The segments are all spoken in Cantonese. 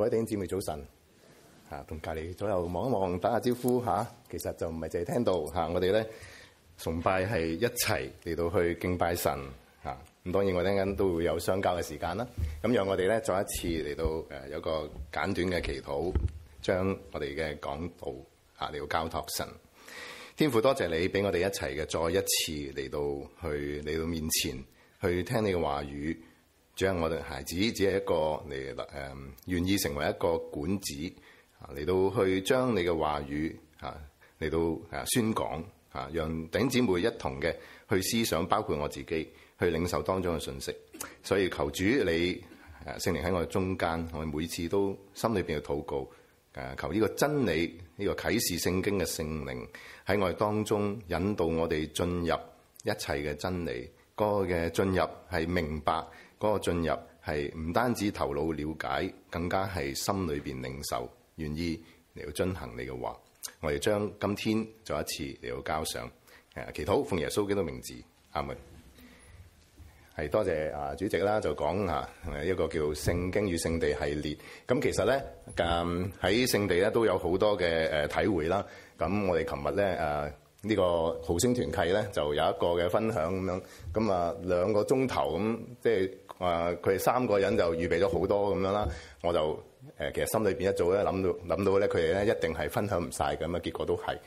各位弟兄姊妹，早晨！嚇，同隔離左右望一望，打下招呼嚇。其實就唔係淨係聽到嚇，我哋咧崇拜係一齊嚟到去敬拜神嚇。咁當然我哋陣間都會有相交嘅時間啦。咁讓我哋咧再一次嚟到誒有個簡短嘅祈禱，將我哋嘅講道嚇嚟到交託神。天父，多謝你俾我哋一齊嘅再一次嚟到去你嘅面前，去聽你嘅話語。將我哋孩子只係一個嚟，誒、呃，願意成為一個管子嚟到去將你嘅話語吓嚟、啊、到吓宣講吓、啊，讓頂姊妹一同嘅去思想，包括我自己去領受當中嘅信息。所以求主你聖靈喺我哋中間，我哋每次都心裏邊要禱告誒、啊，求呢個真理呢、這個啟示聖經嘅聖靈喺我哋當中引導我哋進入一切嘅真理嗰、那個嘅進入係明白。嗰、那個進入係唔單止頭腦了解，更加係心裏面領受，願意嚟到遵行你嘅話。我哋將今天再一次嚟到交上，祈禱，奉耶穌基督名字，阿門。係多謝啊主席啦，就講吓一個叫聖經與聖地系列。咁其實咧，喺聖地咧都有好多嘅誒體會啦。咁我哋琴日咧呢、這個豪星團契咧，就有一個嘅分享咁樣。咁啊，兩個鐘頭咁，即係佢哋三個人就預備咗好多咁樣啦。我就、呃、其實心裏面一早咧諗到諗到咧，佢哋咧一定係分享唔曬咁啊，結果都係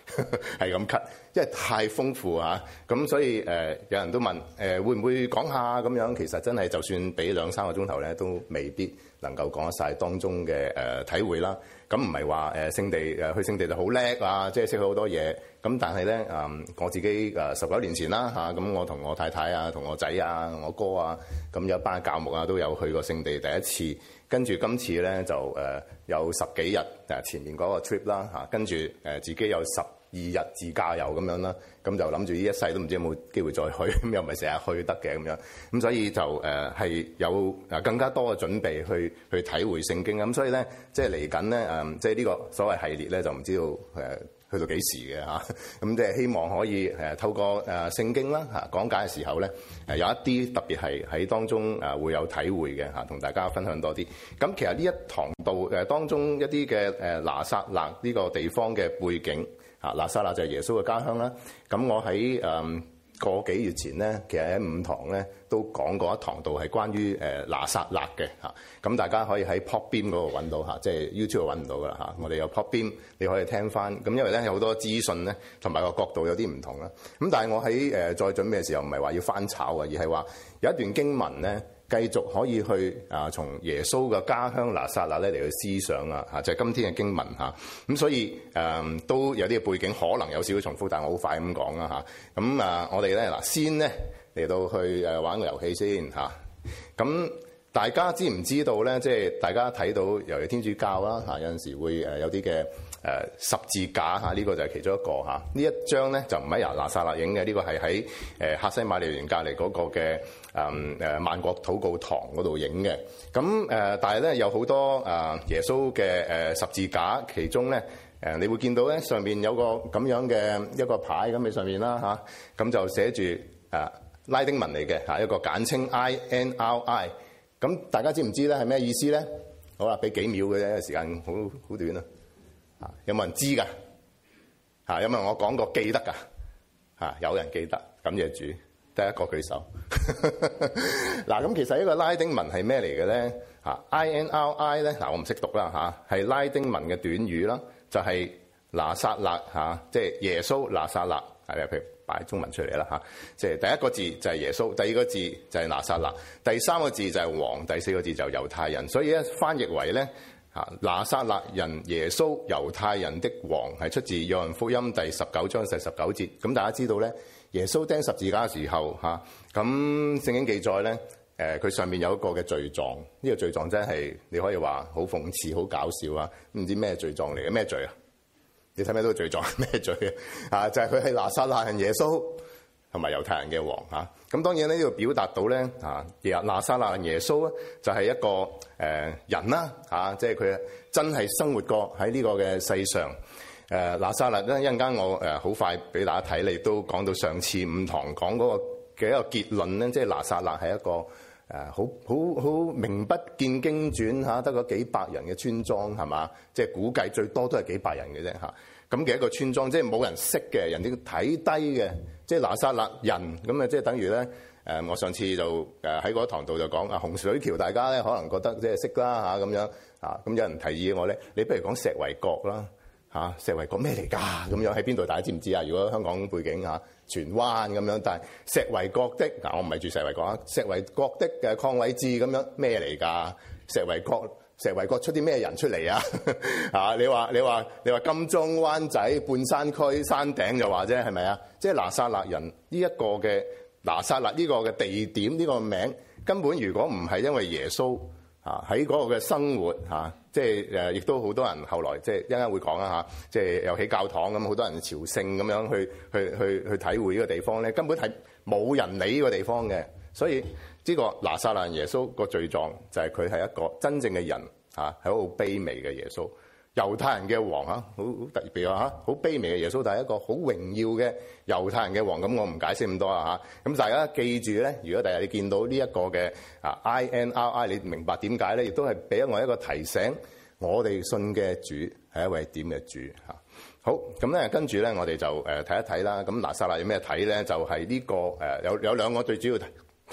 係咁 cut，因為太豐富啊。咁所以、呃、有人都問、呃、會唔會講下咁樣？其實真係就算俾兩三個鐘頭咧，都未必能夠講得曬當中嘅、呃、體會啦。咁唔係話誒聖地誒去聖地就好叻啊，即係識好多嘢。咁但係咧，誒我自己誒十九年前啦吓，咁我同我太太啊，同我仔啊，我哥啊，咁有一班教牧啊，都有去過聖地第一次。跟住今次咧就誒有十幾日誒前面嗰個 trip 啦吓，跟住誒自己有十二日自駕遊咁樣啦。咁就諗住呢一世都唔知有冇機會再去，咁又唔係成日去得嘅咁樣。咁所以就誒係有誒更加多嘅準備去去體會聖經啊。咁所以咧，即係嚟緊咧誒，即係呢個所謂系列咧，就唔知道誒，去到幾時嘅嚇？咁即係希望可以誒透過誒聖經啦嚇講解嘅時候咧，誒有一啲特別係喺當中誒會有體會嘅嚇，同大家分享多啲。咁其實呢一堂道誒當中一啲嘅誒拿撒勒呢個地方嘅背景嚇，拿撒勒就係耶穌嘅家鄉啦。咁我喺誒。嗯個幾月前咧，其實喺五堂咧都講過一堂度係關於誒拿撒勒嘅嚇，咁大家可以喺 pop bin 嗰度揾到、啊、即係 YouTube 揾唔到噶嚇、啊，我哋有 pop bin 你可以聽翻，咁、啊、因為咧有好多資訊咧同埋個角度有啲唔同啦。咁、啊、但係我喺、呃、再準備嘅時候，唔係話要翻炒啊，而係話有一段經文咧。繼續可以去啊，從耶穌嘅家鄉拿撒勒咧嚟去思想啊，嚇就係、是、今天嘅經文嚇。咁所以誒、嗯、都有啲背景，可能有少少重複，但係我好快咁講啦嚇。咁啊，我哋咧嗱先咧嚟到去誒玩個遊戲先嚇。咁、啊、大家知唔知道咧？即係大家睇到，尤其天主教啦嚇、啊，有陣時候會誒有啲嘅誒十字架嚇，呢、啊這個就係其中一個嚇。啊、這一張呢一張咧就唔係由拿撒勒影嘅，呢、這個係喺誒客西馬尼園隔離嗰個嘅。誒誒萬國禱告堂嗰度影嘅，咁誒、啊、但係咧有好多誒、啊、耶穌嘅、啊、十字架，其中咧、啊、你會見到咧上面有個咁樣嘅一個牌咁喺上面啦嚇，咁、啊啊、就寫住、啊、拉丁文嚟嘅、啊、一個簡稱 INRI，咁大家知唔知咧係咩意思咧？好啦，俾幾秒嘅啫，時間好好短啊，啊，有冇人知㗎？有冇人我講過記得㗎？有人記得，感謝主。第一個舉手，嗱咁其實呢個拉丁文係咩嚟嘅咧？I N R I 咧，嗱我唔識讀啦吓，係拉丁文嘅短語啦，就係拿撒勒吓，即係耶穌拿撒勒，係咪？譬如擺中文出嚟啦吓，即係第一個字就係耶穌，第二個字就係拿撒勒，第三個字就係王，第四個字就猶太人，所以咧翻譯為咧拿撒勒人耶穌猶太人的王係出自約翰福音第十九章十九節，咁大家知道咧。耶穌釘十字架嘅時候，咁聖經記載咧，誒、呃、佢上面有一個嘅罪狀，呢、這個罪狀真係你可以話好諷刺、好搞笑啊！唔知咩罪狀嚟嘅咩罪啊？你睇咩都係罪狀，咩罪啊？就係佢係拿撒勒人耶穌同埋猶太人嘅王咁、啊、當然咧呢度表達到咧嚇，啊、納納耶拿撒勒人耶穌咧就係一個、呃、人啦即係佢真係生活過喺呢個嘅世上。誒拿撒勒咧，一陣間我誒好、呃、快俾大家睇，你都講到上次五堂講嗰個嘅一個結論咧，即係拿撒勒係一個誒好好好名不見經傳得個、啊、幾百人嘅村莊係嘛，即係、就是、估計最多都係幾百人嘅啫嚇。咁嘅一個村莊，即係冇人識嘅，人哋睇低嘅，即係拿撒勒人咁啊，即係等於咧、呃、我上次就誒喺嗰一堂度就講啊，洪水橋大家咧可能覺得即係識啦嚇咁樣啊，咁、啊、有人提議我咧，你不如講石圍角啦。啊、石圍角咩嚟㗎？咁樣喺邊度？大家知唔知啊？如果香港背景啊，荃灣咁樣，但係石圍角的嗱，我唔係住石圍角，石圍角的嘅鄺偉志咁樣咩嚟㗎？石圍角石圍角出啲咩人出嚟啊？ 你話你話你話金鐘、灣仔、半山區、山頂就話啫，係咪啊？即、就、係、是、拿撒勒人呢一、這個嘅拿撒勒呢個嘅地點呢、這個名根本如果唔係因為耶穌。啊！喺嗰個嘅生活嚇，即係誒，亦都好多人後來即係一陣間會講啦嚇，即係又起教堂咁，好多人朝聖咁樣去去去去體會呢個地方咧，根本係冇人理呢個地方嘅。所以呢個拿撒勒耶穌個罪狀就係佢係一個真正嘅人嚇，係一個好卑微嘅耶穌。猶太人嘅王好好特別啊嚇，好卑微嘅耶穌，但係一個好榮耀嘅猶太人嘅王。咁我唔解釋咁多啦嚇。咁大家記住咧，如果第日你見到呢一個嘅啊 INRI，你明白點解咧？亦都係俾我一個提醒，我哋信嘅主係一位點嘅主嚇。好，咁咧，跟住咧，我哋就睇一睇啦。咁拿撒勒有咩睇咧？就係呢個，誒有有兩個最主要。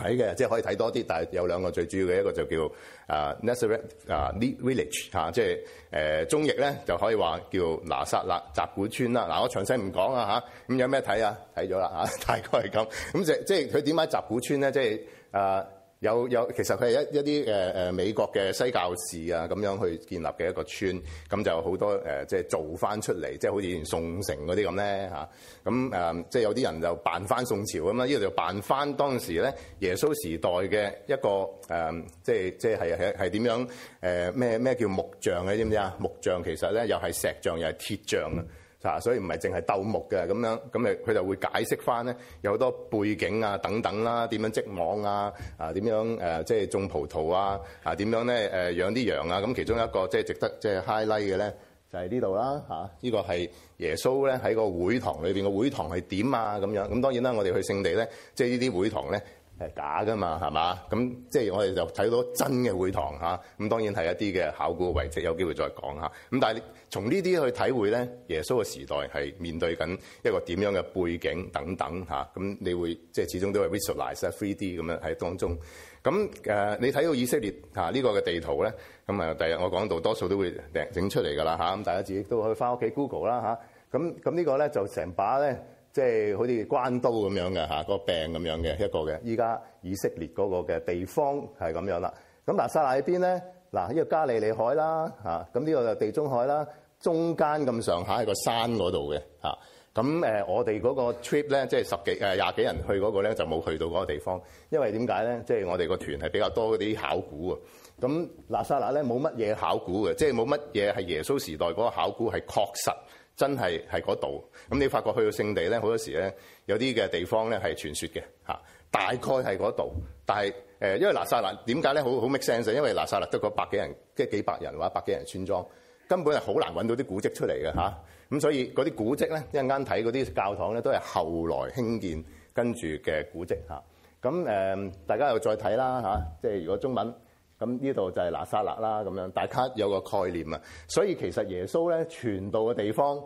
睇嘅，即係可以睇多啲，但係有兩個最主要嘅，一個就叫啊 Nazareth 啊 Village 嚇，即係誒中譯咧就可以話叫拿撒勒集古村啦。嗱，我詳細唔講啊嚇，咁有咩睇啊？睇咗啦嚇，大概係咁。咁即係即係佢點解集古村咧？即係啊。有有，其實佢係一一啲誒誒美國嘅西教士啊，咁樣去建立嘅一個村，咁就多、呃就是就是、好多誒，即係做翻出嚟，即係好似宋城嗰啲咁咧嚇。咁、啊、誒，即、啊、係、就是、有啲人就扮翻宋朝咁啊，依度就扮翻當時咧耶穌時代嘅一個誒，即係即係係係點樣誒咩咩叫木匠嘅知唔知啊？知知木匠其實咧又係石匠，又係鐵匠啊！啊！所以唔係淨係鬥木嘅咁樣，咁誒佢就會解釋翻咧，有好多背景啊等等啦、啊，點樣織網啊，啊點樣誒即係種葡萄啊，啊點樣咧誒、呃、養啲羊啊咁、嗯、其中一個即係、就是、值得即係 highlight 嘅咧，就係、是、呢度、就是、啦嚇！依、啊這個係耶穌咧喺個會堂裏邊，個會堂係點啊，咁樣。咁當然啦，我哋去聖地咧，即係呢啲會堂咧。係假㗎嘛，係嘛？咁即係我哋就睇到真嘅會堂嚇。咁、啊、當然係一啲嘅考古嘅遺跡，有機會再講嚇。咁、啊、但係從呢啲去體會咧，耶穌嘅時代係面對緊一個點樣嘅背景等等嚇。咁、啊、你會即係始終都係 visualize three D 咁樣喺當中。咁誒、啊，你睇到以色列嚇呢、啊這個嘅地圖咧，咁啊，第日我講到多數都會整出嚟㗎啦嚇。咁、啊、大家自己都可以翻屋企 Google 啦、啊、嚇。咁咁呢個咧就成把咧。即係好似關刀咁樣嘅嚇，嗰個病咁樣嘅一個嘅。依家以色列嗰個嘅地方係咁樣啦。咁嗱，拿撒勒喺邊咧？嗱呢個加利利海啦嚇，咁呢個就地中海啦，中間咁上下係個山嗰度嘅嚇。咁我哋嗰個 trip 咧，即係十幾誒廿幾人去嗰個咧，就冇去到嗰個地方，因為點解咧？即係我哋個團係比較多嗰啲考古喎。咁拿撒勒咧冇乜嘢考古嘅，即係冇乜嘢係耶穌時代嗰個考古係確實真係係嗰度，咁你發覺去到聖地咧，好多時咧有啲嘅地方咧係傳說嘅嚇，大概係嗰度，但係誒、呃，因為拿撒勒點解咧好好 make sense？因為拿撒勒得個百幾人，即係幾百人或者百幾人村莊，根本係好難揾到啲古蹟出嚟嘅嚇，咁所以嗰啲古蹟咧一陣間睇嗰啲教堂咧都係後來興建跟住嘅古蹟嚇，咁誒、啊呃、大家又再睇啦、啊、即係如果中文。咁呢度就係拿撒勒啦，咁樣大家有個概念啊。所以其實耶穌咧傳道嘅地方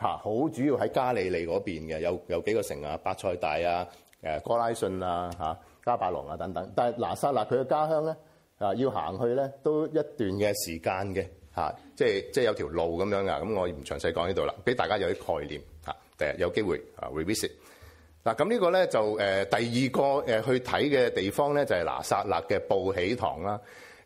嚇，好主要喺加利利嗰邊嘅，有有幾個城啊，伯賽大啊，誒哥拉汛啊，迦百農啊等等。但係拿撒勒佢嘅家鄉咧啊，要行去咧都一段嘅時間嘅嚇，即係即係有條路咁樣啊。咁我唔詳細講呢度啦，俾大家有啲概念嚇，第日有機會啊 revisit。嗱，咁呢個咧就、呃、第二個、呃、去睇嘅地方咧，就係、是、拿撒勒嘅抱喜堂啦。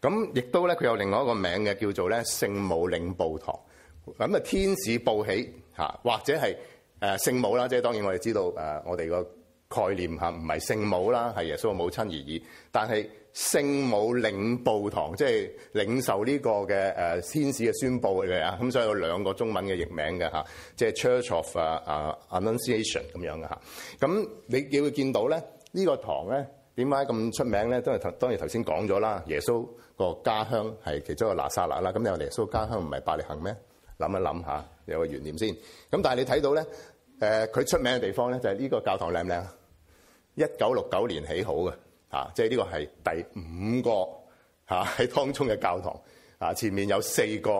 咁、啊、亦都咧，佢有另外一個名嘅叫做咧聖母領報堂。咁、嗯、啊，天使報喜、啊、或者係誒、呃、聖母啦，即係當然我哋知道誒、呃、我哋個概念吓唔係聖母啦，係耶穌嘅母親而已，但係。聖母領報堂，即係領受呢個嘅誒、呃、天使嘅宣佈嘅啊，咁所以有兩個中文嘅譯名嘅、啊、即係 Church of、uh, Annunciation，啊 Annunciation 咁樣嘅，咁你會見到咧，呢、這個堂咧點解咁出名咧？都係當然頭先講咗啦，耶穌個家鄉係其中一個拿撒勒啦。咁你話耶穌家鄉唔係伯利恆咩？諗一諗下，有個懸念先。咁、啊、但係你睇到咧，誒、呃、佢出名嘅地方咧，就係、是、呢個教堂靚唔靚？一九六九年起好嘅。啊，即係呢個係第五個啊，喺當中嘅教堂啊，前面有四個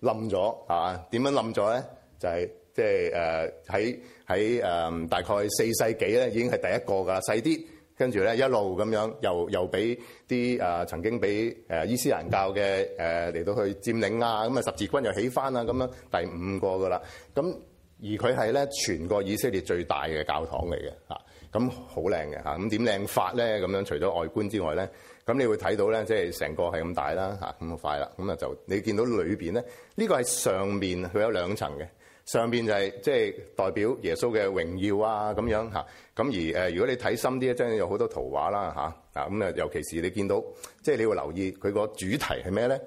冧咗啊，點樣冧咗咧？就係、是、即係誒喺喺誒大概四世紀咧，已經係第一個㗎細啲，跟住咧一路咁樣又又俾啲誒曾經俾誒伊斯蘭教嘅誒嚟到去佔領啊，咁啊十字軍又起翻啊，咁樣第五個㗎啦。咁、啊、而佢係咧全個以色列最大嘅教堂嚟嘅嚇。啊咁好靚嘅，咁點靚法咧？咁樣，樣除咗外觀之外咧，咁你會睇到咧，即係成個係咁大啦嚇，咁好快啦。咁啊就你見到裏面咧，呢、這個係上面佢有兩層嘅，上面就係即係代表耶穌嘅榮耀啊咁樣咁、啊、而、呃、如果你睇深啲真係有好多圖畫啦啊咁啊，尤其是你見到即係、就是、你會留意佢個主題係咩咧？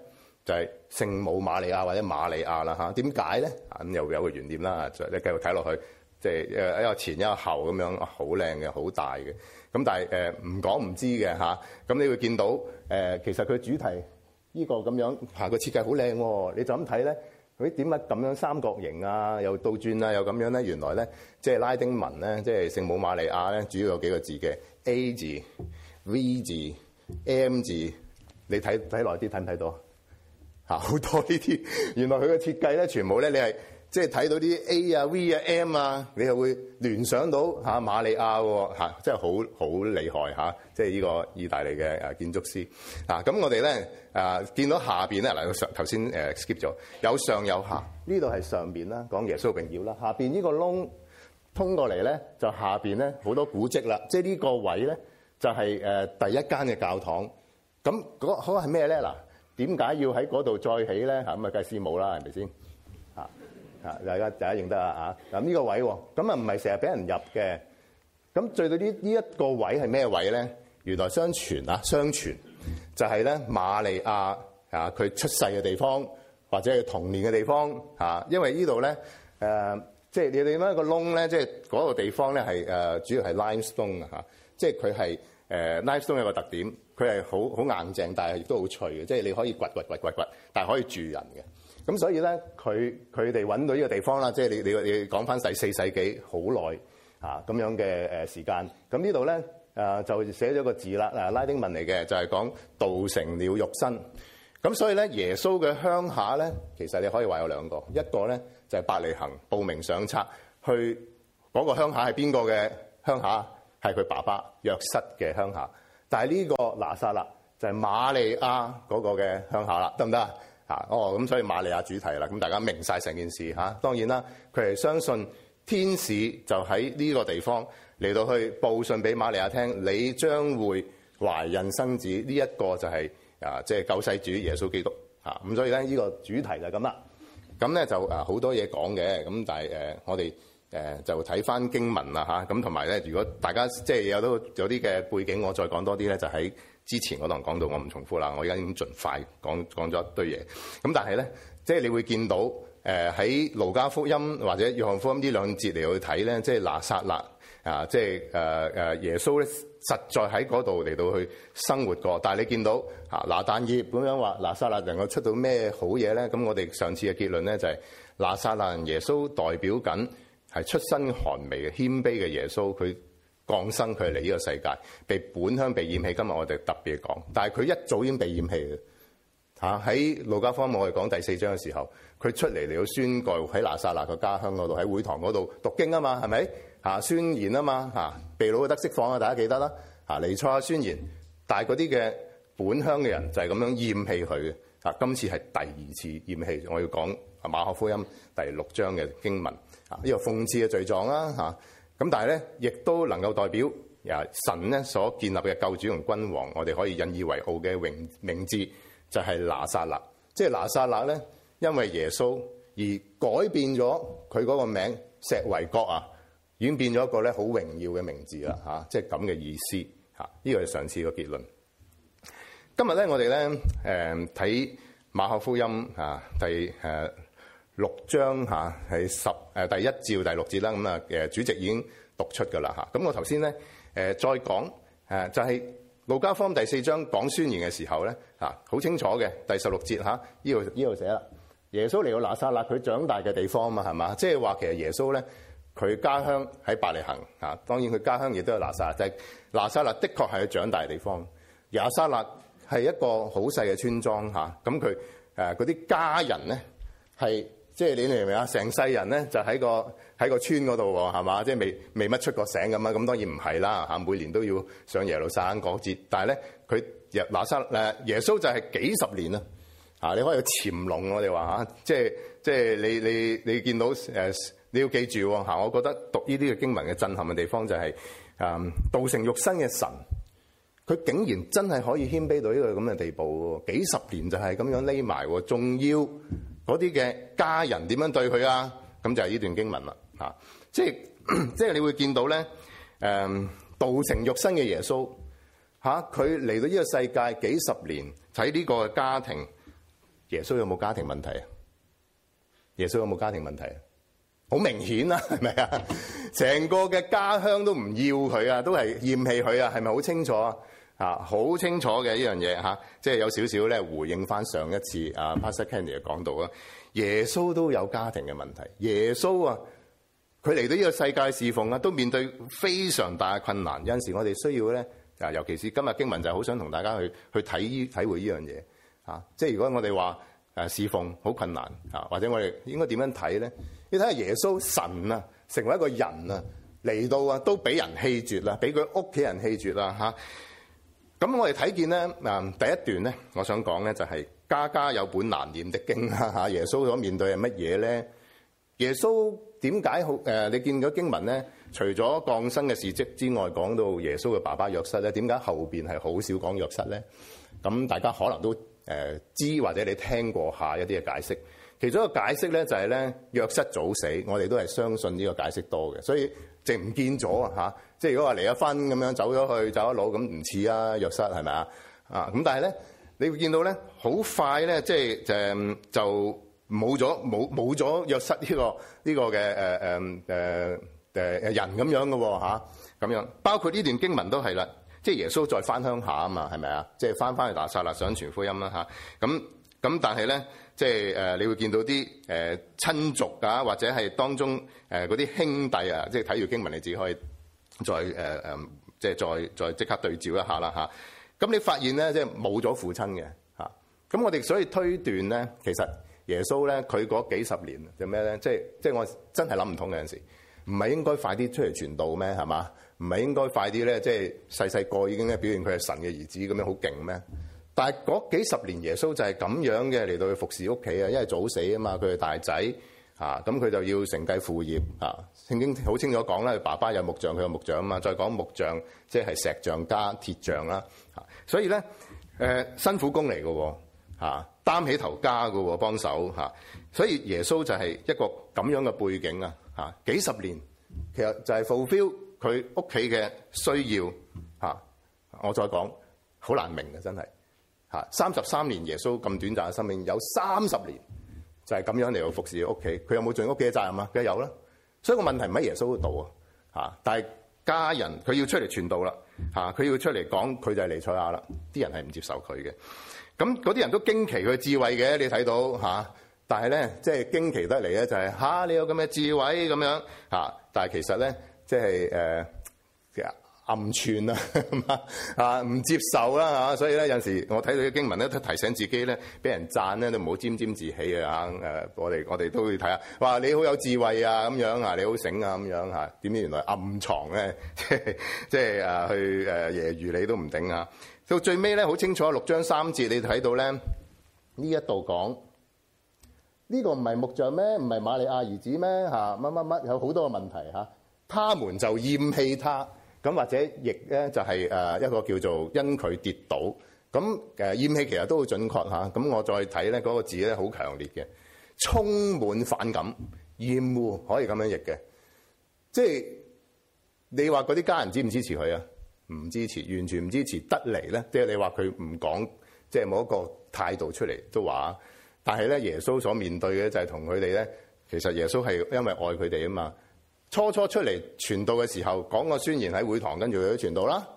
就係、是、聖母瑪利亞或者瑪利亞啦。點解咧？咁、啊啊、又會有個原點啦。就你繼續睇落去。即係誒一個前一個後咁樣，好靚嘅，好大嘅。咁但係唔講唔知嘅，吓，咁你會見到誒、呃，其實佢主題呢、這個咁樣，吓、啊、個設計好靚喎。你就咁睇咧，佢點解咁樣三角形啊，又倒轉啊，又咁樣咧？原來咧，即、就、係、是、拉丁文咧，即、就、係、是、聖母馬利亞咧，主要有幾個字嘅 A 字、V 字、M 字。你睇睇耐啲睇唔睇到？好、啊、多呢啲，原來佢嘅設計咧，全部咧你係。即係睇到啲 A 啊、V 啊、M 啊，你又會聯想到嚇馬利亞喎，即係好好厲害吓，即係呢個意大利嘅建築師。咁、啊、我哋咧誒見到下面咧，嗱，頭先 skip 咗有上有下，呢度係上面啦，講耶穌榮耀啦。下面呢個窿通過嚟咧，就下面咧好多古蹟啦。即係呢個位咧就係、誒、第一間嘅教堂。咁嗰嗰係咩咧？嗱，點解要喺嗰度再起咧？咁啊，梗係羨慕啦，係咪先？大家大家認得啦嚇，咁、啊、呢、啊這個位咁啊唔係成日俾人入嘅，咁最到呢呢一個位係咩位咧？原來相傳啊，相傳就係咧馬利亞啊佢出世嘅地方，或者係童年嘅地方嚇、啊。因為這裏、啊就是、呢度咧誒，即係你點樣一個窿咧，即係嗰個地方咧係誒主要係 limestone 啊，即係佢係誒 limestone 有個特點，佢係好好硬淨，但係亦都好脆嘅，即、就、係、是、你可以掘掘掘掘掘，但係可以住人嘅。咁所以咧，佢佢哋揾到呢個地方啦，即係你你你講翻第四世紀好耐啊咁樣嘅誒時間。咁呢度咧，呃，就寫咗個字啦，嗱，拉丁文嚟嘅，就係講道成了肉身。咁所以咧，耶穌嘅鄉下咧，其實你可以話有兩個，一個咧就係伯利恒報名上冊去嗰個鄉下，係邊個嘅鄉下？係佢爸爸約瑟嘅鄉下，但係呢個拿撒勒就係瑪利亞嗰個嘅鄉下啦，得唔得啊？啊，哦，咁所以馬利亞主題啦，咁大家明晒成件事嚇。當然啦，佢係相信天使就喺呢個地方嚟到去報信俾馬利亞聽，你將會懷孕生子。呢一個就係啊，即係救世主耶穌基督嚇。咁所以咧，呢個主題就係咁啦。咁咧就好多嘢講嘅，咁但係誒我哋誒就睇翻經文啦嚇。咁同埋咧，如果大家即係有都有啲嘅背景，我再講多啲咧，就喺。之前我當講到，我唔重複啦。我而家已經盡快講講咗一堆嘢。咁但係咧，即係你會見到誒喺路加福音或者約翰福音呢兩節嚟去睇咧，即係拿撒勒啊，即係誒、啊啊、耶穌咧，實在喺嗰度嚟到去生活過。但係你見到嚇拿但業咁樣話拿撒勒能夠出到咩好嘢咧？咁我哋上次嘅結論咧就係、是、拿撒勒人耶穌代表緊係出身寒微嘅謙卑嘅耶穌佢。降生佢嚟呢個世界，被本鄉被厭棄。今日我哋特別講，但係佢一早已經被厭棄喺路加方，我哋講第四章嘅時候，佢出嚟嚟到宣告，喺拿撒勒個家鄉嗰度，喺會堂嗰度讀經啊嘛，係咪宣言啊嘛被老得釋放啊，大家記得啦尼離錯宣言。但係嗰啲嘅本鄉嘅人就係咁樣厭棄佢嘅。今次係第二次厭棄，我要講馬可福音第六章嘅經文，呢個諷刺嘅罪狀啦。咁但係咧，亦都能夠代表啊神咧所建立嘅救主同君王，我哋可以引以為傲嘅榮名字，就係拿撒勒。即係拿撒勒咧，因為耶穌而改變咗佢嗰個名，石為國啊，已經變咗一個咧好榮耀嘅名字啦嚇。即係咁嘅意思嚇，呢個係上次嘅結論。今日咧，我哋咧睇馬可福音第六章吓，係、啊、十誒、啊、第一照第六節啦，咁、嗯、啊誒主席已經讀出㗎啦嚇。咁、啊、我頭先咧誒再講誒、啊、就係路加福音第四章講宣言嘅時候咧嚇，好、啊、清楚嘅第十六節吓，呢度依度寫啦。耶穌嚟到拿撒勒，佢長大嘅地方啊嘛，係嘛？即係話其實耶穌咧佢家鄉喺伯利恆。嚇、啊，當然佢家鄉亦都有拿撒勒，但係拿撒勒的確係佢長大嘅地方。而拿撒勒係一個好細嘅村莊嚇，咁佢誒嗰啲家人咧係。是即係你明唔明啊？成世人咧就喺個喺個村嗰度喎，係嘛？即係未未乜出過省咁啊？咁當然唔係啦嚇，每年都要上耶路撒冷過節。但係咧，佢耶拿撒誒耶穌就係幾十年啦、啊、你可以有潛龍我哋話即係即係你你你見到、啊、你要記住嚇、啊。我覺得讀呢啲嘅經文嘅震撼嘅地方就係、是、誒、啊、道成肉身嘅神，佢竟然真係可以謙卑到呢個咁嘅地步喎、啊！幾十年就係咁樣匿埋、啊，仲要。嗰啲嘅家人點樣對佢啊？咁就係呢段經文啦，即係即係你會見到咧、嗯，道成肉身嘅耶穌嚇，佢嚟到呢個世界幾十年，睇呢個家庭，耶穌有冇家庭問題啊？耶穌有冇家庭問題啊？好明顯啊，係咪啊？成個嘅家鄉都唔要佢啊，都係厭棄佢啊，係咪好清楚啊？啊，好清楚嘅呢樣嘢即係有少少咧回應翻上一次啊 Pastor Kenny 講到耶穌都有家庭嘅問題。耶穌啊，佢嚟到呢個世界侍奉啊，都面對非常大嘅困難。有陣時我哋需要咧、啊，尤其是今日經文就好想同大家去去體體會呢樣嘢即係如果我哋話、啊、侍奉好困難啊，或者我哋應該點樣睇咧？你睇下耶穌神啊，成為一個人啊，嚟到啊都俾人棄絕啦，俾佢屋企人棄絕啦咁我哋睇見咧，第一段咧，我想講咧就係家家有本難念的經啦嚇。耶穌所面對係乜嘢咧？耶穌點解好誒？你見咗經文咧，除咗降生嘅事迹之外，講到耶穌嘅爸爸約瑟咧，點解後面係好少講約瑟咧？咁大家可能都誒知或者你聽過一下一啲嘅解釋。其中一個解釋咧就係咧約瑟早死，我哋都係相信呢個解釋多嘅，所以就唔見咗啊嚇。即係如果話離咗婚咁樣走咗去走咗佬，咁唔似啊約瑟係咪啊啊咁？但係咧，你會見到咧好快咧，即係就冇咗冇冇咗約瑟呢個呢個嘅誒誒人咁樣嘅喎咁樣。包括呢段經文都係啦、啊，即、就、係、是、耶穌再翻鄉下啊嘛係咪啊？即係翻翻去拿撒勒想傳福音啦嚇咁咁，但係咧即係誒，你會見到啲誒親族啊，或者係當中誒嗰啲兄弟啊，即係睇完經文你只可以。再誒誒、呃，即係再再即刻對照一下啦吓，咁你發現咧，即係冇咗父親嘅吓，咁我哋所以推斷咧，其實耶穌咧，佢嗰幾十年做咩咧？即係即係我真係諗唔通有陣時，唔係應該快啲出嚟傳道咩？係嘛？唔係應該快啲咧？即係細細個已經咧表現佢係神嘅兒子咁樣好勁咩？但係嗰幾十年耶穌就係咁樣嘅嚟到去服侍屋企啊，因為早死啊嘛，佢係大仔。啊，咁佢就要承繼父業啊。聖經好清楚講啦，爸爸有木匠，佢係木匠啊嘛。再講木匠，即係石匠加鐵匠啦。啊，所以咧，誒、呃、辛苦工嚟嘅喎，嚇、啊、擔起頭家嘅喎，幫手吓、啊，所以耶穌就係一個咁樣嘅背景啊。吓幾十年，其實就係 fulfill 佢屋企嘅需要吓、啊，我再講好難明嘅真係吓三十三年耶穌咁短暫嘅生命，有三十年。就係、是、咁樣嚟到服侍屋企，佢有冇盡屋企嘅責任啊？梗有啦。所以個問題唔喺耶穌度啊，但係家人佢要出嚟傳道啦，佢要出嚟講，佢就係彌賽亞啦。啲人係唔接受佢嘅。咁嗰啲人都驚奇佢智慧嘅，你睇到嚇。但係咧，即、就、係、是、驚奇得嚟咧、就是啊，就係嚇你有咁嘅智慧咁樣嚇。但係其實咧，即、呃、係暗串啊，唔 接受啦，啊，所以咧有時我睇到啲經文咧，都提醒自己咧，俾人讚咧都唔好沾沾自喜啊！我哋我哋都會睇下，哇！你好有智慧啊，咁樣啊，你好醒啊，咁樣嚇，點知原來暗藏咧，啊，即係即係去誒揶揄你都唔頂啊！到最尾咧，好清楚六章三節，你睇到咧呢一度講呢個唔係木匠咩？唔係馬利亞兒子咩？乜乜乜有好多個問題嚇，啊，他們就厭棄他。咁或者譯咧就係誒一個叫做因佢跌倒，咁誒厭棄其實都好準確嚇。咁我再睇咧嗰個字咧好強烈嘅，充滿反感、厭惡，可以咁樣譯嘅。即係你話嗰啲家人支唔支持佢啊？唔支持，完全唔支持得嚟咧。即係你話佢唔講，即係冇一個態度出嚟都話。但係咧，耶穌所面對嘅就係同佢哋咧，其實耶穌係因為愛佢哋啊嘛。初初出嚟傳道嘅時候，講個宣言喺會堂，跟住佢傳道啦。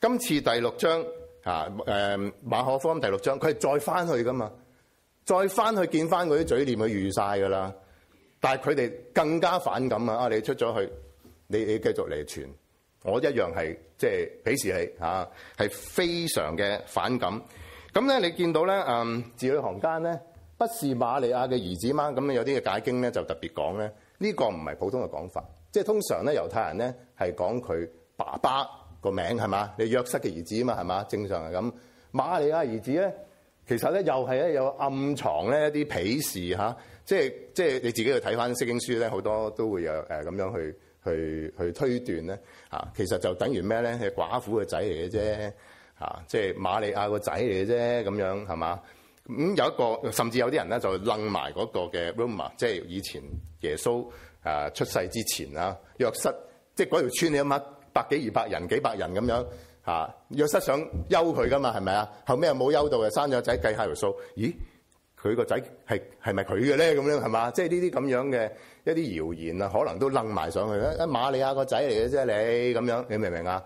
今次第六章啊，啊，馬可福音第六章，佢係再翻去噶嘛，再翻去見翻嗰啲嘴臉，佢預晒噶啦。但係佢哋更加反感啊！你出咗去，你你繼續嚟傳，我一樣係即係鄙視你，係非常嘅反感。咁咧，你見到咧，嗯，字裡行間咧，不是馬利亞嘅兒子嗎？咁有啲嘅解經咧就特別講咧，呢個唔係普通嘅講法。即係通常咧，猶太人咧係講佢爸爸個名係嘛？你約瑟嘅兒子啊嘛係嘛？正常係咁。瑪利亞兒子咧，其實咧又係咧有暗藏咧一啲鄙視嚇、啊。即係即係你自己去睇翻《釋經書》咧，好多都會有誒咁、啊、樣去去去推斷咧嚇。其實就等於咩咧？係寡婦嘅仔嚟嘅啫嚇。即係瑪利亞個仔嚟嘅啫咁樣係嘛？咁、嗯、有一個甚至有啲人咧就楞埋嗰個嘅羅馬即係以前耶穌。誒出世之前啊，約瑟，即係嗰條村你啊嘛，百幾二百人、幾百人咁樣嚇。約瑟想休佢噶嘛，係咪啊？後尾又冇休到，又生咗仔，計下條數，咦？佢個仔係咪佢嘅咧？咁樣係嘛？即係呢啲咁樣嘅一啲謠言啊，可能都愣埋上去啊！馬利亞個仔嚟嘅啫，你咁樣你明唔明啊？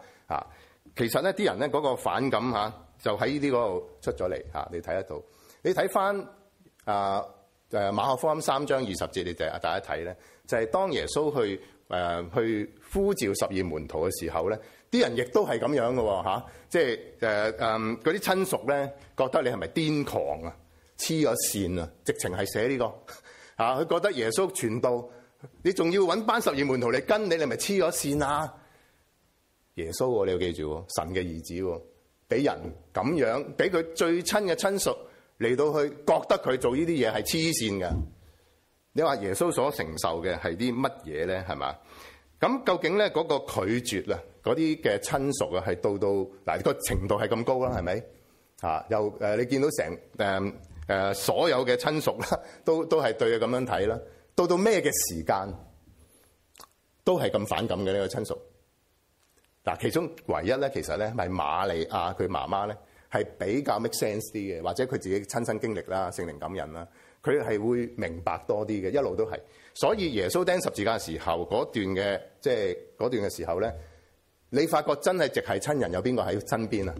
其實呢啲人咧嗰個反感，就喺呢啲嗰度出咗嚟，你睇得到。你睇翻啊誒馬可福音三章二十節，你就啊大家睇咧。就係、是、當耶穌去誒、呃、去呼召十二門徒嘅時候咧，啲人亦都係咁樣嘅嚇，即係誒誒嗰啲親屬咧覺得你係咪癲狂啊、黐咗線啊？直情係寫呢、這個嚇，佢、啊、覺得耶穌傳道，你仲要搵班十二門徒嚟跟你，你係咪黐咗線啊！耶穌、啊、你要記住，神嘅兒子俾、啊、人咁樣，俾佢最親嘅親屬嚟到去覺得佢做呢啲嘢係黐線嘅。你話耶穌所承受嘅係啲乜嘢咧？係嘛？咁究竟咧嗰、那個拒絕啊，嗰啲嘅親屬啊，係到到嗱個程度係咁高啦，係咪？啊，又誒、呃、你見到成誒誒所有嘅親屬啦，都都係對佢咁樣睇啦。到到咩嘅時間都係咁反感嘅呢、這個親屬。嗱、呃，其中唯一咧，其實咧係馬利亞佢媽媽咧，係比較 make sense 啲嘅，或者佢自己親身經歷啦、聖靈感引啦。佢係會明白多啲嘅，一路都係。所以耶穌釘十字架嘅時候，嗰段嘅即係嗰段嘅時候咧，你發覺真係直系親人有邊個喺身邊啊？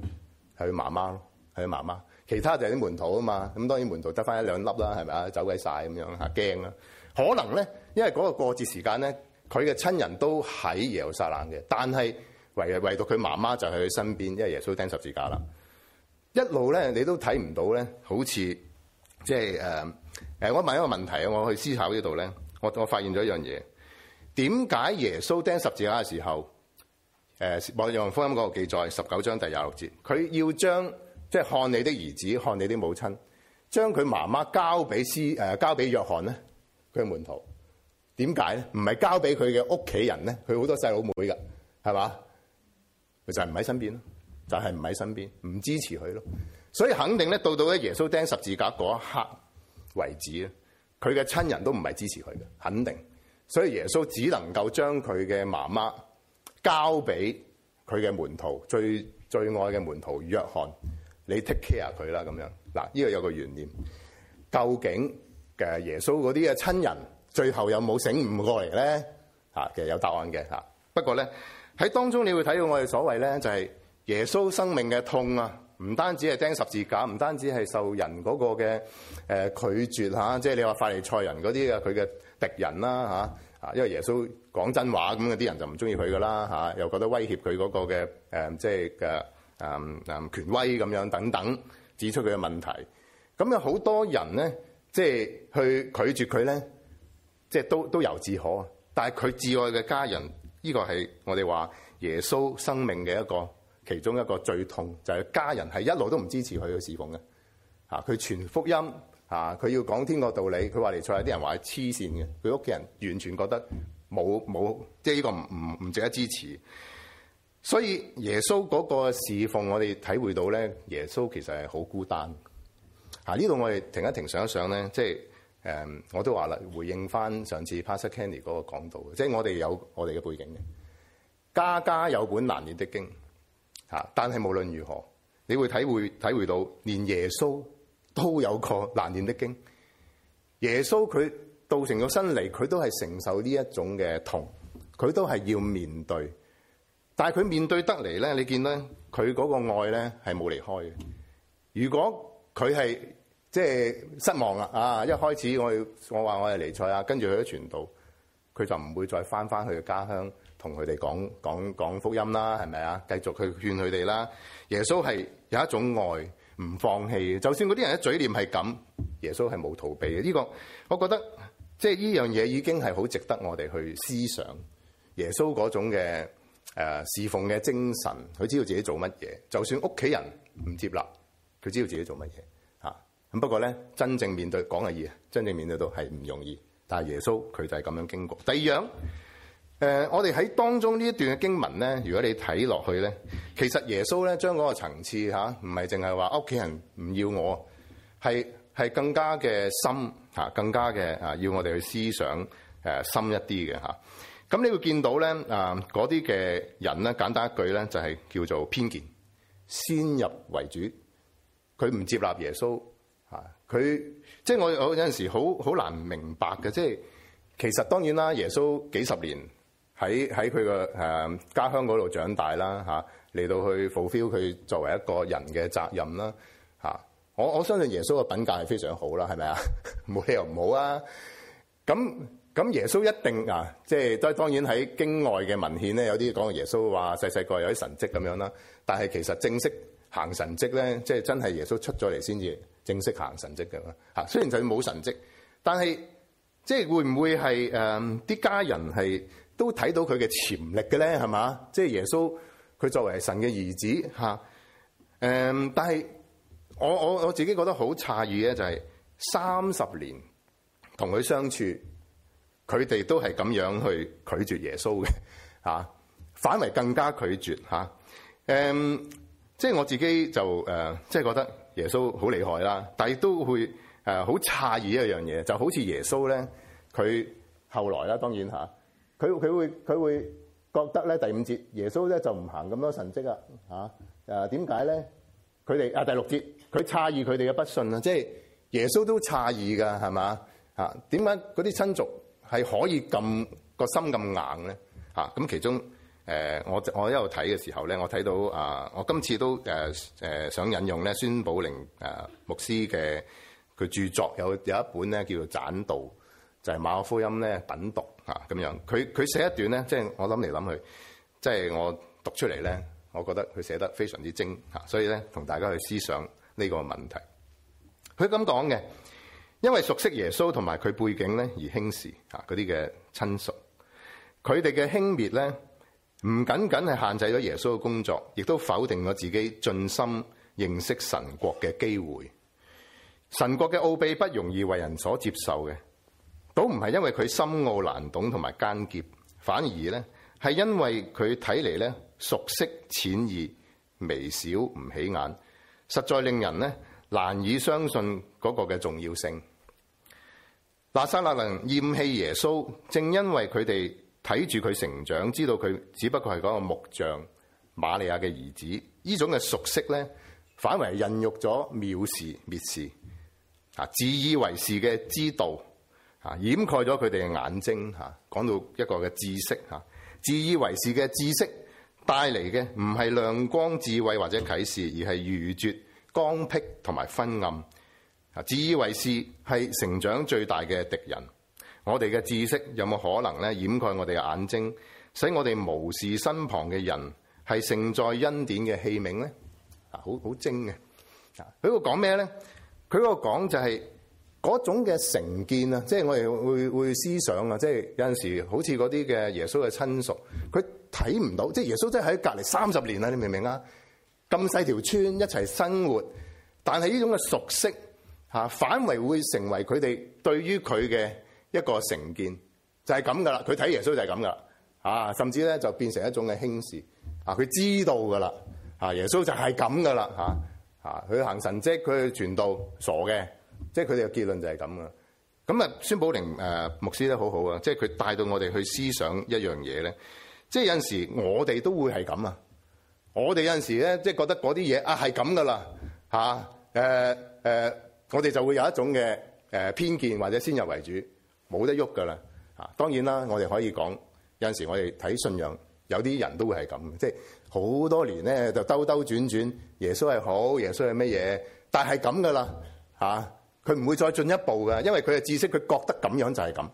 係佢媽媽咯，係佢媽媽。其他就係啲門徒啊嘛。咁當然門徒得翻一兩粒啦，係咪啊？走鬼曬咁樣嚇驚啦。可能咧，因為嗰個過節時間咧，佢嘅親人都喺耶路撒冷嘅。但係唯唯獨佢媽媽就喺佢身邊，因為耶穌釘十字架啦。一路咧，你都睇唔到咧，好似即係、呃誒，我問一個問題啊，我去思考呢度咧，我我發現咗一樣嘢，點解耶穌釘十字架嘅時候，誒、呃，約翰福音嗰個記載十九章第廿六節，佢要將即係看你的兒子，看你的母親，將佢媽媽交俾施誒，交俾約翰咧，佢係門徒，點解咧？唔係交俾佢嘅屋企人咧，佢好多細佬妹噶，係嘛？佢就係唔喺身邊咯，就係唔喺身邊，唔、就是、支持佢咯，所以肯定咧，到到咧耶穌釘十字架嗰一刻。為止咧，佢嘅親人都唔係支持佢嘅，肯定。所以耶穌只能夠將佢嘅媽媽交俾佢嘅門徒，最最愛嘅門徒約翰，你 take care 佢啦，咁樣。嗱，呢個有個懸念，究竟嘅耶穌嗰啲嘅親人最後有冇醒悟過嚟咧？吓，其實有答案嘅吓。不過咧喺當中你會睇到我哋所謂咧就係耶穌生命嘅痛啊。唔單止係釘十字架，唔單止係受人嗰個嘅誒拒絕、啊、即係你話法利賽人嗰啲佢嘅敵人啦啊，因為耶穌講真話咁，啲人就唔中意佢噶啦，又覺得威脅佢嗰個嘅、啊、即係嘅、啊啊、權威咁樣等等，指出佢嘅問題。咁有好多人咧，即係去拒絕佢咧，即係都都由自可。但係佢至愛嘅家人，呢、呢個係我哋話耶穌生命嘅一個。其中一個最痛就係家人係一路都唔支持佢嘅侍奉嘅嚇。佢傳福音嚇，佢要講天個道理。佢話嚟出有啲人話佢黐線嘅。佢屋企人完全覺得冇冇，即係呢個唔唔值得支持。所以耶穌嗰個侍奉，我哋體會到咧，耶穌其實係好孤單嚇。呢度我哋停一停上一上，想一想咧，即係誒我都話啦，回應翻上次 Pastor Kenny 嗰個講道嘅，即係我哋有我哋嘅背景嘅。家家有本難念的經。嚇！但係無論如何，你會體會體會到，連耶穌都有個難念的經。耶穌佢道成肉身嚟，佢都係承受呢一種嘅痛，佢都係要面對。但係佢面對得嚟咧，你見咧佢嗰個愛咧係冇離開嘅。如果佢係即係失望啦啊！一開始我我話我係離賽啊，跟住去咗傳道，佢就唔會再翻翻去嘅家鄉。同佢哋講講講福音啦，係咪啊？繼續去勸佢哋啦。耶穌係有一種愛，唔放棄，就算嗰啲人嘅嘴臉係咁，耶穌係冇逃避嘅。呢、呢個我覺得即係呢樣嘢已經係好值得我哋去思想耶穌嗰種嘅誒、呃、侍奉嘅精神。佢知道自己做乜嘢，就算屋企人唔接納，佢知道自己做乜嘢吓。咁、啊、不過咧，真正面對講係易，真正面對到係唔容易。但係耶穌佢就係咁樣經過。第二樣。誒、呃，我哋喺當中呢一段嘅經文咧，如果你睇落去咧，其實耶穌咧將嗰個層次吓，唔係淨係話屋企人唔要我，係係更加嘅深、啊、更加嘅、啊、要我哋去思想誒、啊、深一啲嘅，咁你會見到咧，啊嗰啲嘅人咧，簡單一句咧，就係、是、叫做偏見、先入為主，佢唔接納耶穌，佢即係我有陣時好好難明白嘅，即、就、係、是、其實當然啦，耶穌幾十年。喺喺佢嘅誒家鄉嗰度長大啦吓，嚟到去 fulfill 佢作為一個人嘅責任啦吓。我我相信耶穌嘅品格係非常好啦，係咪啊？冇 理由唔好啊。咁咁耶穌一定啊，即係都當然喺經外嘅文獻咧，有啲講耶穌話細細個有啲神跡咁樣啦。但係其實正式行神跡咧，即係真係耶穌出咗嚟先至正式行神跡嘅啦。吓，雖然就冇神跡，但係即係會唔會係誒啲家人係？都睇到佢嘅潛力嘅咧，係嘛？即係耶穌佢作為神嘅兒子吓，誒，但係我我我自己覺得好詫異咧，就係三十年同佢相處，佢哋都係咁樣去拒絕耶穌嘅啊，反為更加拒絕吓，誒，即係我自己就誒，即係覺得耶穌好厲害啦，但係都會好詫異一樣嘢，就好似耶穌咧，佢後來啦，當然，啊佢佢會佢會覺得咧，第五節耶穌咧就唔行咁多神蹟啦，嚇，誒，點解咧佢哋啊，啊，啊，啊第六節，佢詫異佢哋嘅不信啦、啊，即、就、係、是、耶穌都詫異噶係嘛嚇？點解嗰啲親族係可以咁個心咁硬咧嚇？咁、啊、其中誒、呃、我我一路睇嘅時候咧，我睇到啊，我今次都誒誒、呃呃呃、想引用咧孫寶玲誒、呃、牧師嘅佢著作有有一本咧叫做《棧道》。就係、是、馬可福音咧，等讀嚇咁、啊、樣佢佢寫一段咧，即、就、係、是、我諗嚟諗去，即、就、係、是、我讀出嚟咧，我覺得佢寫得非常之精、啊、所以咧同大家去思想呢個問題。佢咁講嘅，因為熟悉耶穌同埋佢背景咧而輕視嗰啲嘅親屬，佢哋嘅輕蔑咧唔僅僅係限制咗耶穌嘅工作，亦都否定咗自己盡心認識神國嘅機會。神國嘅奧秘不容易為人所接受嘅。都唔係因為佢深奧難懂同埋艱澀，反而咧係因為佢睇嚟咧熟悉、淺易、微小唔起眼，實在令人咧難以相信嗰個嘅重要性。拿撒勒人厭棄耶穌，正因為佢哋睇住佢成長，知道佢只不過係嗰個木匠瑪利亞嘅兒子。呢種嘅熟悉咧，反為孕育咗藐視、蔑視啊，自以為是嘅知道。啊！掩蓋咗佢哋嘅眼睛，嚇講到一個嘅知識，嚇自以為是嘅知識帶嚟嘅唔係亮光智慧或者啟示，而係愚拙、光僻同埋昏暗。啊！自以為是係成長最大嘅敵人。我哋嘅知識有冇可能咧掩蓋我哋嘅眼睛，使我哋無視身旁嘅人係盛載恩典嘅器皿咧？啊，好好精嘅。啊，佢個講咩咧？佢個講就係、是。嗰種嘅成見啊，即係我哋會會思想啊，即係有陣時好似嗰啲嘅耶穌嘅親屬，佢睇唔到，即係耶穌真係喺隔離三十年啦，你明唔明啊？咁細條村一齊生活，但係呢種嘅熟悉嚇，反為會成為佢哋對於佢嘅一個成見，就係咁噶啦。佢睇耶穌就係咁噶啦，啊，甚至咧就變成一種嘅輕視啊。佢知道噶啦，啊，耶穌就係咁噶啦，嚇嚇，佢行神跡，佢傳道，傻嘅。即係佢哋嘅結論就係咁啊！咁啊，孫寶玲誒牧師都好好啊！即係佢帶到我哋去思想一樣嘢咧，即係有陣時我哋都會係咁啊，啊，啊！我哋有陣時咧，即係覺得嗰啲嘢啊係咁噶啦嚇誒誒，我哋就會有一種嘅誒偏見或者先入為主，冇得喐噶啦嚇。當然啦，我哋可以講有陣時我哋睇信仰，有啲人都會係咁，即係好多年咧就兜兜轉轉，耶穌係好，耶穌係乜嘢，但係咁噶啦嚇。啊佢唔會再進一步嘅，因為佢嘅知識，佢覺得咁樣就係咁。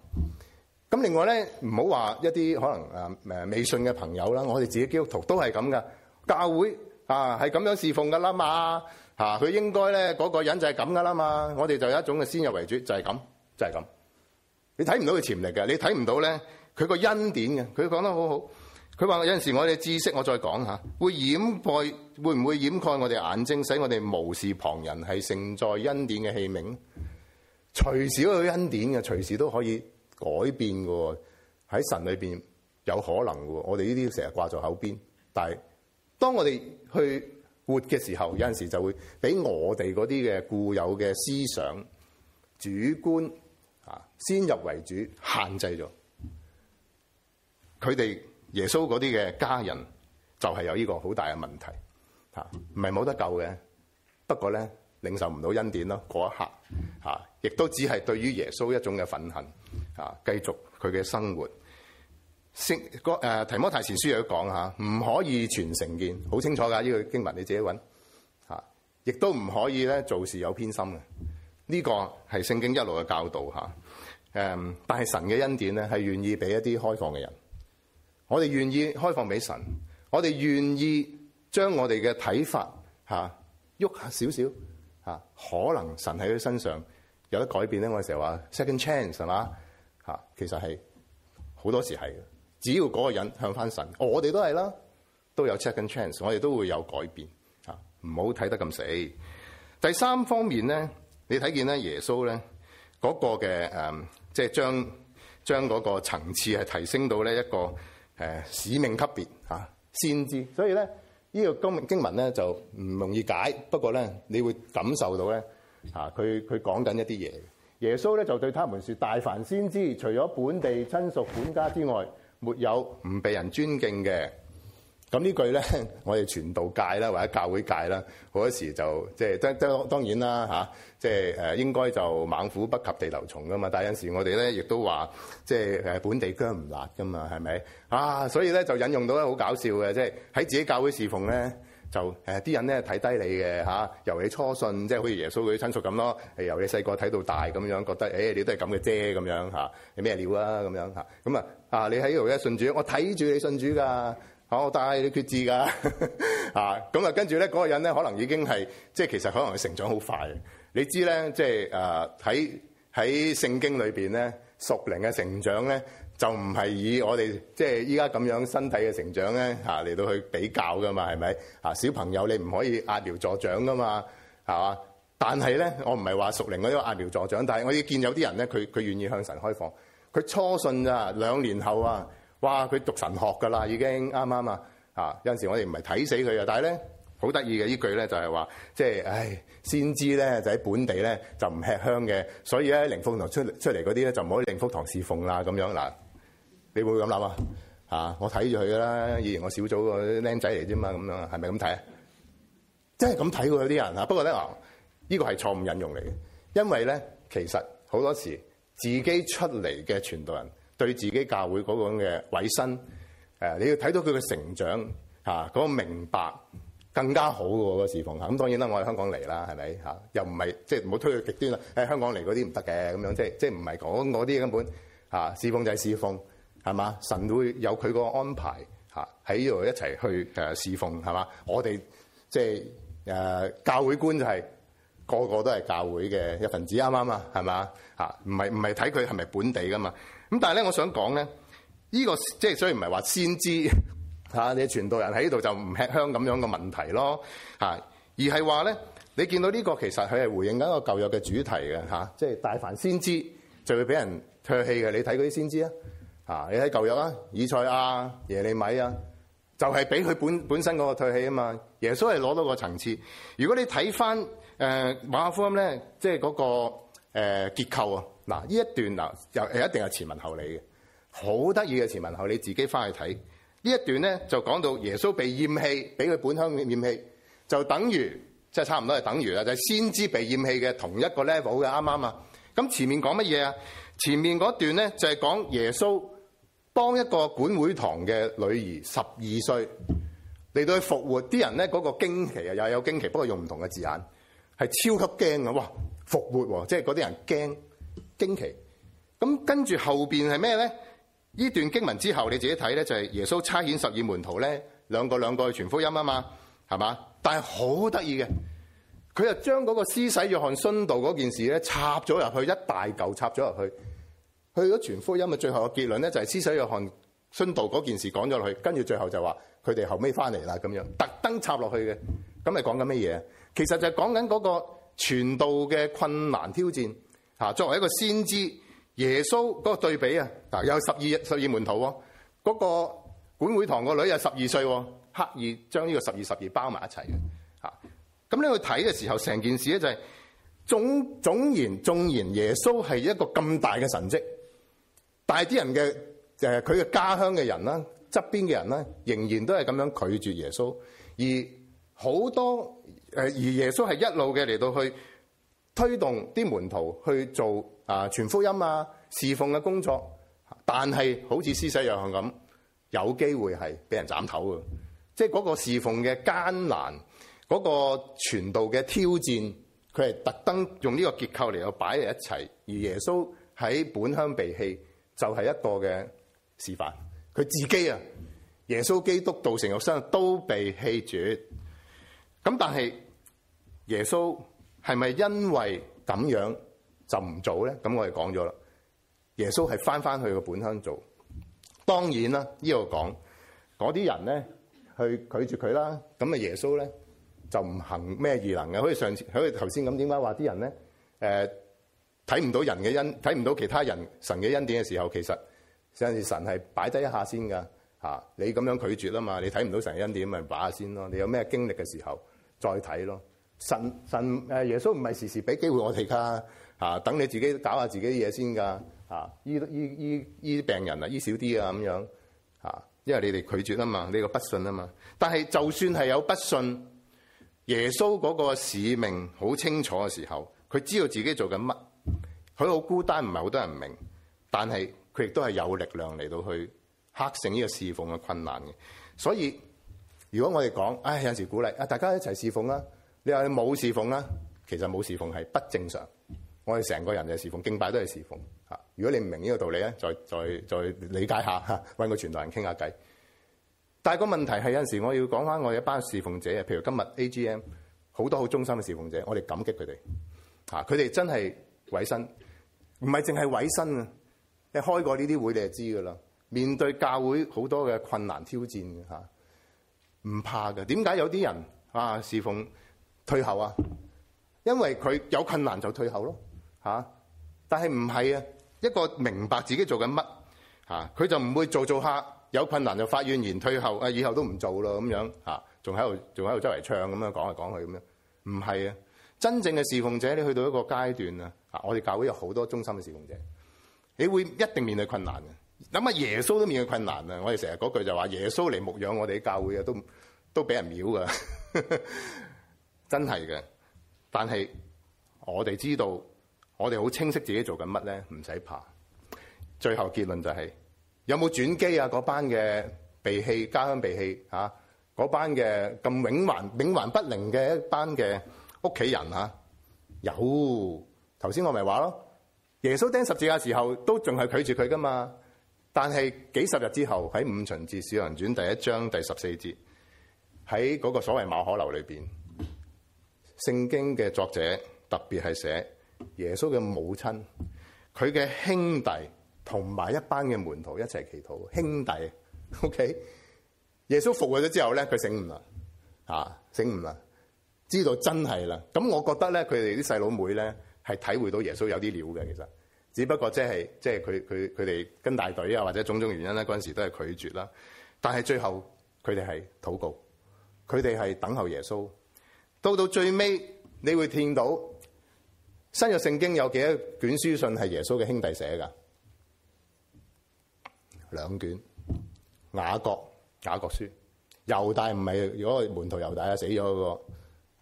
咁另外咧，唔好話一啲可能誒未信嘅朋友啦，我哋自己基督徒都係咁噶。教會啊係咁樣侍奉噶啦嘛，嚇佢應該咧嗰個人就係咁噶啦嘛。我哋就有一種嘅先入為主，就係咁，就係咁。你睇唔到佢潛力嘅，你睇唔到咧佢個恩典嘅，佢講得好好。佢話：有陣時，我哋知識，我再講下，會掩蓋，會唔會掩蓋我哋眼睛，使我哋無視旁人係承載恩典嘅器皿？隨時都有恩典嘅，隨時都可以改變嘅喎。喺神裏邊有可能嘅喎。我哋呢啲成日掛在口邊，但係當我哋去活嘅時候，有陣時就會俾我哋嗰啲嘅固有嘅思想、主觀啊，先入為主，限制咗佢哋。.耶穌嗰啲嘅家人就係有呢個好大嘅問題，嚇唔係冇得救嘅，不過咧領受唔到恩典咯。嗰一刻，亦、啊、都只係對於耶穌一種嘅憤恨，繼、啊、續佢嘅生活。提摩太前書有講嚇，唔、啊、可以存成見，好清楚㗎。呢、這個經文你自己揾嚇，亦、啊、都唔可以咧做事有偏心嘅。呢、這個係聖經一路嘅教導嚇、啊。但係神嘅恩典咧係願意俾一啲開放嘅人。我哋願意開放俾神，我哋願意將我哋嘅睇法嚇，喐下少少，可能神喺佢身上有得改變咧。我哋成日話 second chance 係嘛？其實係好多時係。只要嗰個人向翻神，我哋都係啦，都有 second chance，我哋都會有改變。唔好睇得咁死。第三方面咧，你睇見咧，耶穌咧嗰個嘅誒，即係將將嗰個層次係提升到呢一個，使命級別先知，所以咧呢個經經文咧就唔容易解，不過咧你會感受到咧嚇佢佢講緊一啲嘢。耶穌咧就對他們說：大凡先知，除咗本地親屬、本家之外，沒有唔被人尊敬嘅。咁呢句咧，我哋傳道界啦，或者教會界啦，好多時就即係，當然啦、啊、即係應該就猛虎不及地頭蟲噶嘛。但有時我哋咧，亦都話即係本地姜唔辣噶嘛，係咪啊？所以咧就引用到咧好搞笑嘅，即係喺自己教會侍奉咧，就啲、啊、人咧睇低你嘅嚇，由、啊、你初信即係好似耶穌嗰啲親屬咁咯，由你細個睇到大咁樣，覺得誒、哎、你都係咁嘅啫咁樣嚇，你咩料啊咁樣嚇咁啊啊！你喺呢度咧信主，我睇住你信主噶。好，我帶你決志㗎，啊咁啊，跟住咧嗰個人咧，可能已經係即係其實可能佢成長好快。你知咧，即係誒喺喺聖經裏面咧，屬靈嘅成長咧，就唔係以我哋即係依家咁樣身體嘅成長咧嚟到去比較㗎嘛，係咪？小朋友，你唔可以壓苗助長㗎嘛，係嘛？但係咧，我唔係話屬靈嗰啲壓苗助長，但係我要見有啲人咧，佢佢願意向神開放，佢初信咋，兩年後啊。哇！佢讀神學噶啦，已經啱啱啊！啊有陣時我哋唔係睇死佢啊，但係咧好得意嘅呢句咧就係話，即係唉先知咧就喺本地咧就唔吃香嘅，所以咧靈福堂出出嚟嗰啲咧就唔可以靈福堂侍奉啦咁樣嗱、啊，你會咁諗啊？啊我睇住佢㗎啦，以前我小組啲僆仔嚟啫嘛，咁樣係咪咁睇啊？真係咁睇過有啲人啊，不過咧呢、啊呢個係錯誤引用嚟嘅，因為咧其實好多時自己出嚟嘅傳道人。對自己教會嗰種嘅委身，你要睇到佢嘅成長，嗰個明白更加好喎個侍奉。咁當然啦，我哋香港嚟啦，係咪嚇？又唔係，即係唔好推到極端啦。喺、哎、香港嚟嗰啲唔得嘅咁樣，即係即係唔係講嗰啲根本嚇、啊、侍奉仔侍奉係嘛？神會有佢個安排嚇，喺呢度一齊去誒、呃、侍奉係嘛？我哋即係誒、呃、教會官就係、是、個個都係教會嘅一份子，啱啱啊？係嘛？嚇，唔係唔係睇佢係咪本地噶嘛？咁但係咧，我想講咧，呢、這個即係所以唔係話先知嚇、啊，你全道人喺呢度就唔吃香咁樣嘅問題咯、啊，而係話咧，你見到呢個其實佢係回應緊一個舊約嘅主題嘅，即係大凡先知就會俾人唾棄嘅，你睇嗰啲先知啊，你睇舊約啊，以賽亞、耶利米啊，就係俾佢本本身嗰個唾棄啊嘛。耶穌係攞到個層次。如果你睇翻誒馬可 r m 咧，即係嗰個誒、呃、結構啊。嗱，呢一段嗱又誒，一定係前文後理嘅，好得意嘅前文後理，自己翻去睇呢一段咧就講到耶穌被厭棄，俾佢本鄉嘅厭棄，就等於即係差唔多係等於啦，就係、是、先知被厭棄嘅同一個 level 嘅啱啱啊。咁前面講乜嘢啊？前面嗰段咧就係、是、講耶穌幫一個管會堂嘅女兒十二歲嚟到去復活啲人咧嗰、那個驚奇啊，又有驚奇，驚奇不過用唔同嘅字眼係超級驚啊。哇！復活、啊、即係嗰啲人驚。驚奇，咁跟住後邊係咩咧？呢段經文之後，你自己睇咧就係、是、耶穌差遣十二門徒咧，兩個兩個去傳福音啊嘛，係嘛？但係好得意嘅，佢就將嗰個施洗約翰殉道嗰件事咧插咗入去，一大嚿，插咗入去，去咗傳福音嘅最後嘅結論咧就係施洗約翰殉道嗰件事講咗落去，跟住最後就話佢哋後尾翻嚟，啦咁樣，特登插落去嘅，咁你講緊咩嘢？其實就係講緊嗰個傳道嘅困難挑戰。啊，作為一個先知，耶穌嗰個對比啊，嗱，有十二十二門徒喎，嗰個管會堂個女有十二歲，刻意將呢個十二十二包埋一齊嘅。啊，咁你去睇嘅時候，成件事咧就係總總言總言，總言耶穌係一個咁大嘅神蹟，但係啲人嘅，誒佢嘅家鄉嘅人啦，側邊嘅人啦，仍然都係咁樣拒絕耶穌，而好多誒而耶穌係一路嘅嚟到去。推動啲門徒去做啊傳福音啊侍奉嘅工作，但係好似施洗約翰咁，有機會係俾人斬頭嘅。即係嗰個侍奉嘅艱難，嗰個傳道嘅挑戰，佢係特登用呢個結構嚟去擺喺一齊。而耶穌喺本鄉被棄，就係一個嘅示範。佢自己啊，耶穌基督道成肉身都被棄絕。咁但係耶穌。係咪因為咁樣就唔做咧？咁我哋講咗啦，耶穌係翻翻去個本鄉做。當然啦，這個，說那些呢個講嗰啲人咧去拒絕佢啦。咁啊，耶穌咧就唔行咩異能嘅。好似上次，好似頭先咁，點解話啲人咧誒睇唔到人嘅恩，睇唔到其他人神嘅恩典嘅時候，其實有陣時神係擺低一下先噶吓，啊。你咁樣拒絕啊嘛，你睇唔到神嘅恩典咪擺下先咯。你有咩經歷嘅時候再睇咯。神神誒耶穌唔係時時俾機會我哋噶嚇，等你自己搞下自己嘢先噶、啊、嚇、啊，醫醫醫醫病人啊，醫少啲啊咁樣嚇，因為你哋拒絕啊嘛，你個不信啊嘛。但係就算係有不信，耶穌嗰個使命好清楚嘅時候，佢知道自己做緊乜，佢好孤單，唔係好多人唔明，但係佢亦都係有力量嚟到去克服呢個侍奉嘅困難嘅。所以如果我哋講，唉、哎、有時鼓勵啊，大家一齊侍奉啦、啊。你話你冇侍奉啦、啊，其實冇侍奉係不正常。我哋成個人嘅侍奉敬拜都係侍奉嚇。如果你唔明呢個道理咧，再再再理解一下嚇，揾個傳道人傾下偈。但係個問題係有陣時，我要講翻我哋一班侍奉者，譬如今日 AGM 好多好忠心嘅侍奉者，我哋感激佢哋嚇。佢、啊、哋真係委身，唔係淨係委身啊！你開過呢啲會，你就知噶啦。面對教會好多嘅困難挑戰嚇，唔、啊、怕嘅。點解有啲人啊侍奉？退後啊！因為佢有困難就退後咯，吓、啊！但係唔係啊？一個明白自己做緊乜吓，佢、啊、就唔會做著做下有困難就發怨言退後啊！以後都唔做咯咁樣吓，仲喺度仲喺度周圍唱咁樣講嚟講去咁樣，唔、啊、係啊，啊！真正嘅侍奉者，你去到一個階段啊，吓！我哋教會有好多忠心嘅侍奉者，你會一定面對困難嘅。諗下，耶穌都面對困難啊！我哋成日嗰句就話耶穌嚟牧養我哋嘅教會啊，都都俾人藐㗎。 真係嘅，但係我哋知道，我哋好清晰自己做緊乜咧，唔使怕。最後結論就係、是、有冇轉機啊？嗰班嘅背棄家鄉背棄嗰班嘅咁永恆冥頑不靈嘅一班嘅屋企人嚇、啊，有頭先我咪話咯，耶穌釘十字架時候都仲係拒絕佢噶嘛，但係幾十日之後喺五旬節小人卷第一章第十四節喺嗰個所謂馬可樓裏面。聖經嘅作者特別係寫耶穌嘅母親，佢嘅兄弟同埋一班嘅門徒一齊祈禱。兄弟，OK？耶穌復活咗之後咧，佢醒悟啦？吓、啊、醒悟啦？知道真係啦。咁我覺得咧，佢哋啲細佬妹咧係體會到耶穌有啲料嘅，其實只不過即係即係佢佢佢哋跟大隊啊，或者種種原因咧，嗰陣時候都係拒絕啦。但係最後佢哋係禱告，佢哋係等候耶穌。到到最尾，你會聽到新約聖經有幾多卷書信係耶穌嘅兄弟寫噶？兩卷雅各雅各書。猶大唔係，如果門徒猶大啊，死咗一個，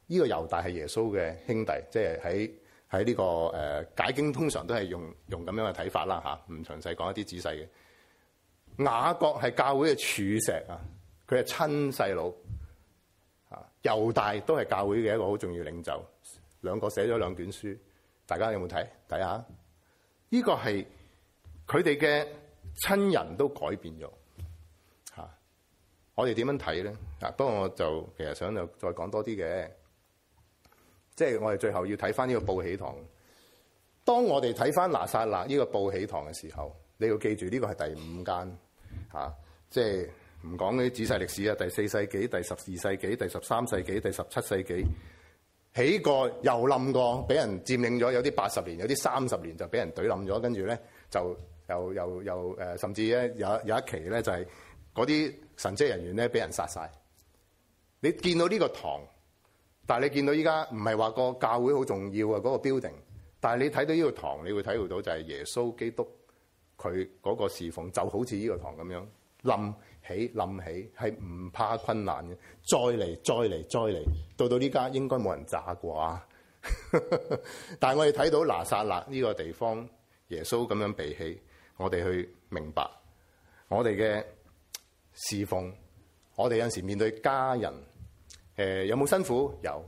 呢個猶大係耶穌嘅兄弟，即係喺喺呢個誒解經通常都係用用咁樣嘅睇法啦嚇，唔詳細講一啲仔細嘅。雅各係教會嘅柱石啊，佢係親細佬。又大都係教會嘅一個好重要領袖，兩個寫咗兩卷書，大家有冇睇？睇下呢個係佢哋嘅親人都改變咗，啊，我哋點樣睇咧？當、啊、不過我就其實想再講多啲嘅，即係我哋最後要睇翻呢個報喜堂。當我哋睇翻拿撒勒呢個報喜堂嘅時候，你要記住呢個係第五間，啊，即係。唔講啲仔細歷史啊！第四世紀、第十二世紀、第十三世紀、第十七世紀起過又冧過，俾人佔領咗。有啲八十年，有啲三十年就俾人懟冧咗。跟住咧就又又又、呃、甚至咧有一有一期咧就係嗰啲神職人員咧俾人殺晒。你見到呢個堂，但係你見到依家唔係話個教會好重要啊嗰、嗰個 building，但係你睇到呢個堂，你會體會到就係耶穌基督佢嗰個侍奉就好似呢個堂咁樣冧。起諗起係唔怕困難嘅，再嚟再嚟再嚟，到到呢家應該冇人炸過啊！呵呵，但係我哋睇到拿撒勒呢個地方，耶穌咁樣被棄，我哋去明白我哋嘅侍奉，我哋有陣時面對家人，誒、呃、有冇辛苦？有，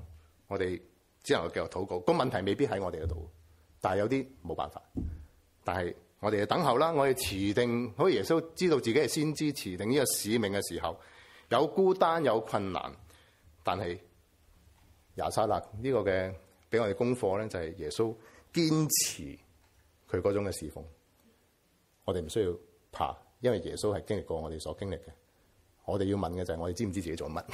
我哋只能去繼續禱告。個問題未必喺我哋嗰度，但係有啲冇辦法，但係。我哋就等候啦，我哋持定，好似耶穌知道自己係先知，持定呢個使命嘅時候，有孤單，有困難，但係拿撒勒呢個嘅俾我哋功課咧，就係、是、耶穌堅持佢嗰種嘅侍奉。我哋唔需要怕，因為耶穌係經歷過我哋所經歷嘅。我哋要問嘅就係、是、我哋知唔知自己做乜？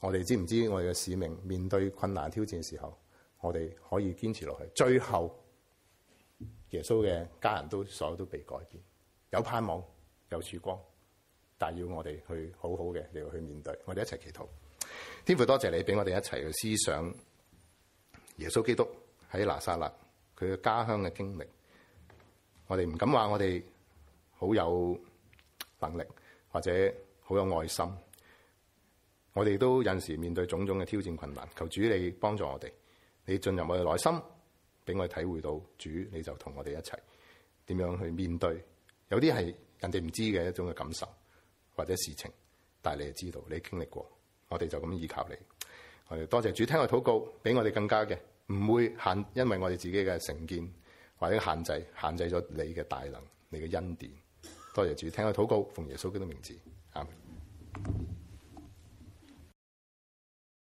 我哋知唔知我哋嘅使命？面對困難挑戰嘅時候，我哋可以堅持落去。最後。耶穌嘅家人都所有都被改變，有盼望，有曙光，但係要我哋去好好嘅你要去面對，我哋一齊祈禱。天父多謝你俾我哋一齊去思想耶穌基督喺拿撒勒佢嘅家鄉嘅經歷。我哋唔敢話我哋好有能力或者好有愛心，我哋都有時面對種種嘅挑戰困難，求主你幫助我哋，你進入我哋內心。俾我體會到主你就同我哋一齊，點樣去面對，有啲係人哋唔知嘅一種嘅感受或者事情，但係你係知道，你經歷過，我哋就咁依靠你。我哋多謝主聽我禱告，俾我哋更加嘅，唔會限，因為我哋自己嘅成見或者限制，限制咗你嘅大能，你嘅恩典。多謝主聽我禱告，奉耶穌基督名字啊！Amen.